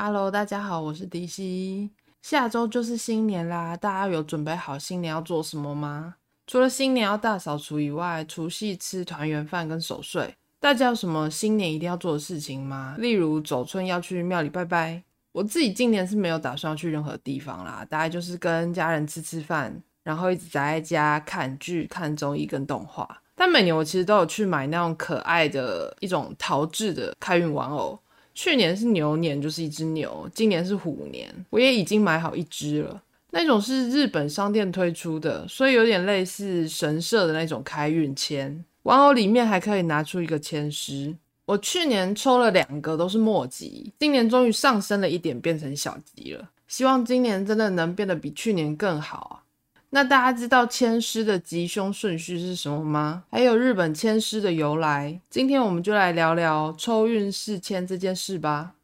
Hello，大家好，我是迪西。下週就是新年啦，大家有準備好新年要做什麼嗎？除了新年要大掃除以外，除夕吃團圓飯跟守歲，大家有什麼新年一定要做的事情嗎？例如走春要去廟裡拜拜。我自己今年是沒有打算去任何地方啦，大概就是跟家人吃吃飯，然後一直宅在家看劇、看綜藝跟動畫。但每年我其實都有去買那種可愛的一種陶製的開運玩偶。去年是牛年，就是一隻牛。今年是虎年，我也已經買好一隻了。那種是日本商店推出的，所以有點類似神社的那種開運籤。玩偶裡面還可以拿出一個籤詩。我去年抽了兩個都是末吉，今年終於上升了一點，變成小吉了。希望今年真的能變得比去年更好啊。那大家知道籤詩的吉凶順序是什麼嗎？還有日本籤詩的由來？今天我們就來聊聊抽運勢籤這件事吧。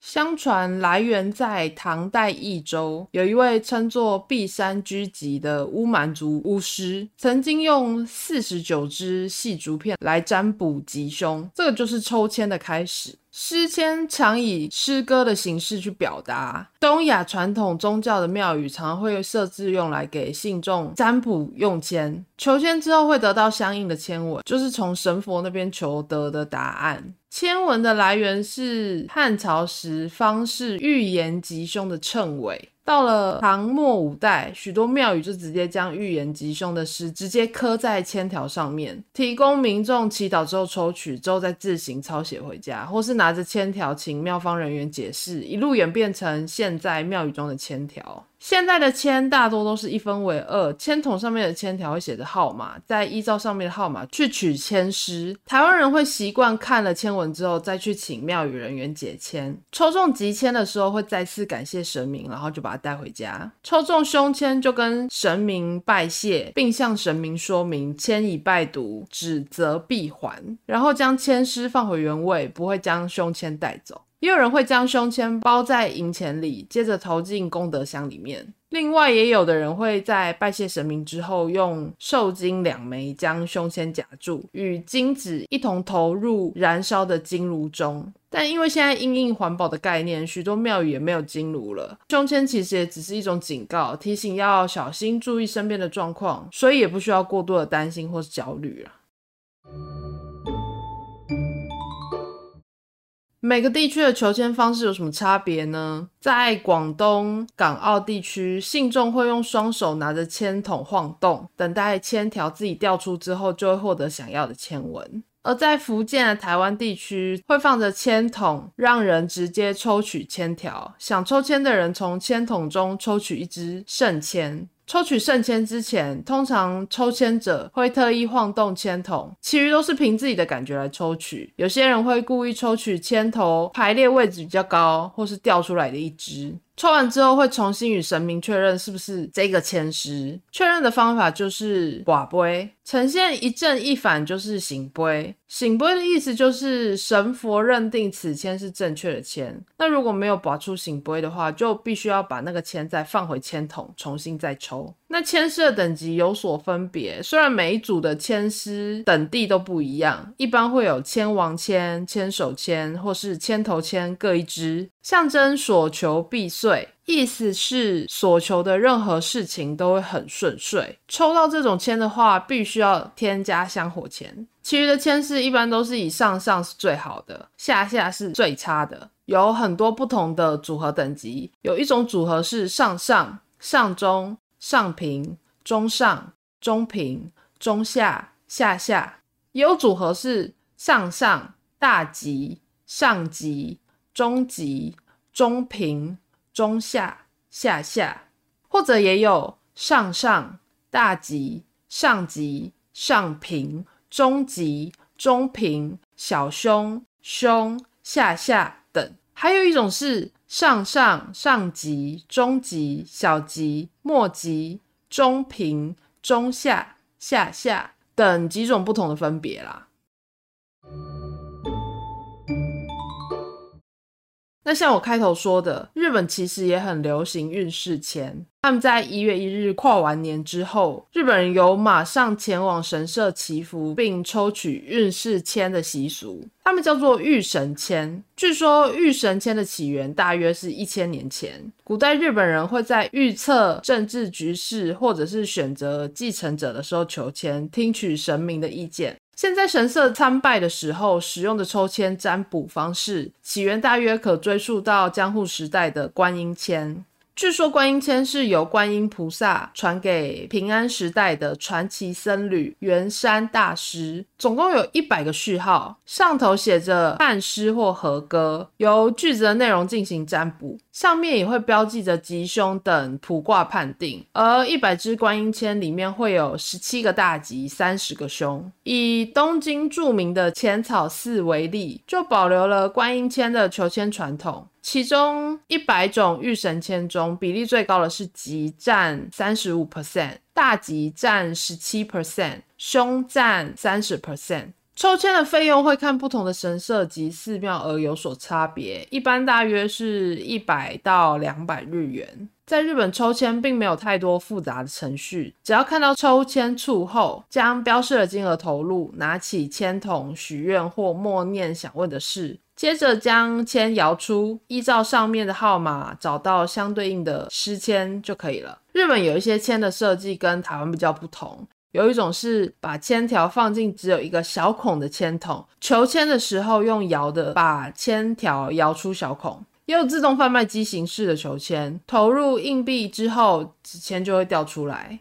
相傳來源在唐代益州，有一位稱作畢山居集的烏蠻族巫師，曾經用四十九支細竹片來占卜吉凶，這個就是抽籤的開始。詩籤常以詩歌的形式去表達。東亞傳統宗教的廟宇常會設置用來給信眾占卜用籤。求籤之後會得到相應的籤文，就是從神佛那邊求得的答案。籤文的來源是漢朝時方士預言吉凶的讖緯。到了唐末五代，許多廟宇就直接將預言吉凶的詩直接刻在籤條上面，提供民眾祈禱之後抽取，之後再自行抄寫回家，或是拿着籤條請廟方人員解釋，一路演變成現在廟宇中的籤條。現在的籤大多都是一分為二，籤筒上面的籤條會寫着號碼，再依照上面的號碼去取籤詩。台灣人會習慣看了籤文之後，再去請廟宇人員解籤。抽中吉籤的時候，會再次感謝神明，然後就把它帶回家。抽中凶籤，就跟神明拜謝，並向神明說明籤已拜讀，紙則必還，然後將籤詩放回原位，不會將凶籤帶走。也有人會將兇籤包在銀錢裡，接着投進功德箱裡面。另外，也有的人會在拜謝神明之後，用壽金兩枚將兇籤夾住，與金紙一同投入燃燒的金爐中。但因為現在因應環保的概念，許多廟宇也沒有金爐了。兇籤其實也只是一種警告，提醒要小心注意身邊的狀況，所以也不需要過多的擔心或是焦慮了。每個地區的求籤方式有什麼差別呢？在廣東、港澳地區，信眾會用雙手拿着籤筒晃動，等待籤條自己掉出之後，就會獲得想要的籤文；而在福建、台灣地區，會放着籤筒，讓人直接抽取籤條。想抽籤的人從籤筒中抽取一支聖籤。抽取聖籤之前，通常抽籤者會特意晃動籤筒，其餘都是憑自己的感覺來抽取。有些人會故意抽取籤頭排列位置比較高，或是掉出來的一支。抽完之後會重新與神明確認是不是這個籤詩。確認的方法就是筊杯呈現一正一反就是聖杯。聖杯的意思就是神佛認定此籤是正確的籤。那如果沒有拔出聖杯的話，就必須要把那個籤再放回籤筒，重新再抽。那籤詩的等級有所分別，雖然每一組的籤詩等地都不一樣，一般會有籤王籤、籤手籤或是籤頭籤各一支，象徵所求必遂，意思是所求的任何事情都會很順遂。抽到這種籤的話，必須要添加香火籤。其餘的籤詩一般都是以上上是最好的，下下是最差的，有很多不同的組合等級，有一種組合是上上、上中。上平、中上、中平、中下、下下。也有組合是上上、大吉、上吉、中吉、中平、中下、下下，或者也有上上、大吉、上吉、上平、中吉、中平、小凶、凶、下下。還有一種是上上、上吉、中吉、小吉、末吉、中平、中下、下下等幾種不同的分別啦。那像我開頭說的，日本其實也很流行運勢籤。他們在一月一日跨完年之後，日本人有馬上前往神社祈福並抽取運勢籤的習俗，他們叫做御神籤。據說御神籤的起源大約是一千年前，古代日本人會在預測政治局勢或者是選擇繼承者的時候求籤，聽取神明的意見。現在神社參拜的時候使用的抽籤占卜方式，起源大約可追溯到江戶時代的觀音籤。據說觀音籤是由觀音菩薩傳給平安時代的傳奇僧侶元山大師，總共有一百個序號，上頭寫着漢詩或和歌，由句子的內容進行占卜，上面也會標記着吉凶等卜卦判定。而一百支觀音籤裡面會有十七個大吉，三十個凶。以東京著名的淺草寺為例，就保留了觀音籤的求籤傳統。其中一百種御神籤中，比例最高的是吉，占三十五 percent，大吉占十七 percent，凶占三十 percent。抽籤的費用會看不同的神社及寺廟而有所差別，一般大約是一百到兩百日元。在日本抽籤並沒有太多複雜的程序，只要看到抽籤處後，將標示的金額投入，拿起籤筒許願或默念想問的事，接着將籤搖出，依照上面的號碼找到相對應的詩籤就可以了。日本有一些籤的設計跟台灣比較不同，有一種是把籤條放進只有一個小孔的籤筒，求籤的時候用搖的把籤條搖出小孔。也有自動販賣機形式的求籤，投入硬幣之後，籤就會掉出來。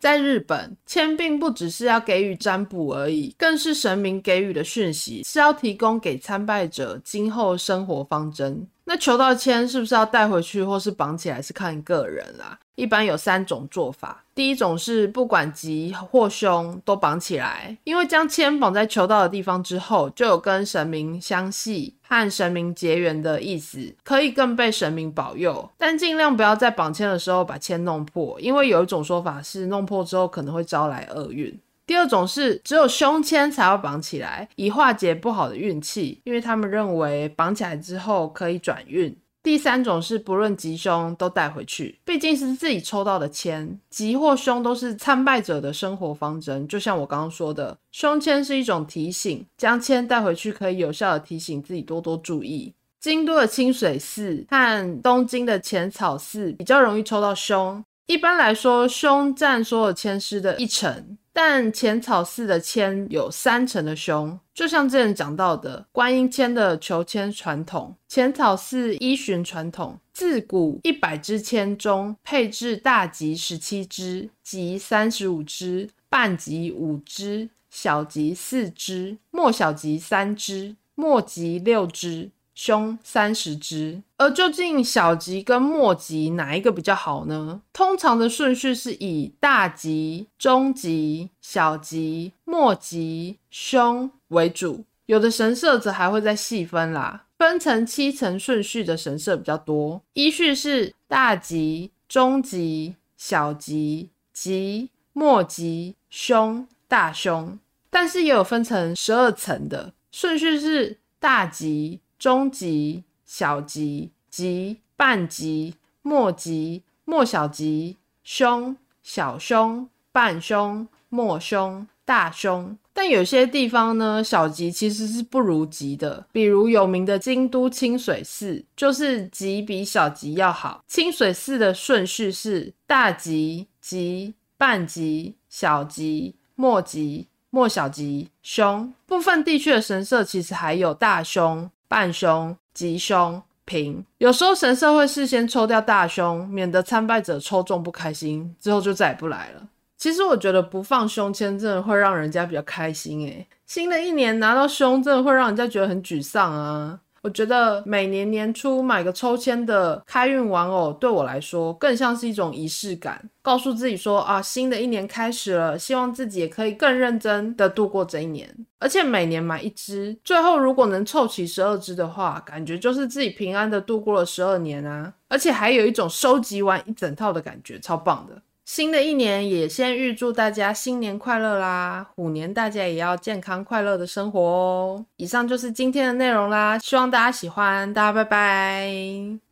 在日本，籤並不只是要給予占卜而已，更是神明給予的訊息，是要提供給參拜者今後生活方針。那求到籤是不是要帶回去，或是綁起來，是看個人啦、啊。一般有三種做法，第一種是不管吉或凶都綁起來，因為將籤綁在求到的地方之後，就有跟神明相繫和神明結緣的意思，可以更被神明保佑。但盡量不要在綁籤的時候把籤弄破，因為有一種說法是弄破之後可能會招來厄運。第二種是只有凶籤才要綁起來，以化解不好的運氣，因為他們認為綁起來之後可以轉運。第三種是不論吉凶都帶回去，畢竟是自己抽到的籤，吉或凶都是參拜者的生活方針。就像我剛剛說的，凶籤是一種提醒，將籤帶回去可以有效的提醒自己多多注意。京都的清水寺和東京的淺草寺比較容易抽到凶，一般來說，凶佔所有籤詩的一成。但淺草寺的籤有三成的凶，就像之前講到的觀音籤的求籤傳統，淺草寺依循傳統，自古一百支籤中配置大吉十七支，吉三十五支，半吉五支，小吉四支，末小吉三支，末吉六支。凶三十支，而究竟小吉跟末吉哪一個比較好呢？通常的順序是以大吉、中吉、小吉、末吉、凶為主，有的神社則還會再細分啦，分成七層順序的神社比較多。依序是大吉、中吉、小吉、吉、末吉、凶、大凶，但是也有分成十二層的，順序是大吉。中吉、小吉、吉、半吉、末吉、末小吉、凶、小凶、半凶、末凶、大凶。但有些地方呢，小吉其實是不如吉的。比如有名的京都清水寺，就是吉比小吉要好。清水寺的順序是大吉、吉、半吉、小吉、末吉、末小吉、凶。部分地區的神社其實還有大凶。半凶、吉凶、平，有時候神社會事先抽掉大凶，免得參拜者抽中不開心，之後就再也不來了。其實我覺得不放凶籤真的會讓人家比較開心誒，新的一年拿到凶真的會讓人家覺得很沮喪啊。我覺得每年年初買個抽籤的開運玩偶，對我來說更像是一種儀式感，告訴自己說啊，新的一年開始了，希望自己也可以更認真的度過這一年。而且每年買一只，最後如果能湊齊十二只的話，感覺就是自己平安的度過了十二年啊，而且還有一種收集完一整套的感覺，超棒的。新的一年也先預祝大家新年快樂啦！虎年大家也要健康快樂的生活哦。以上就是今天的內容啦，希望大家喜歡，大家拜拜。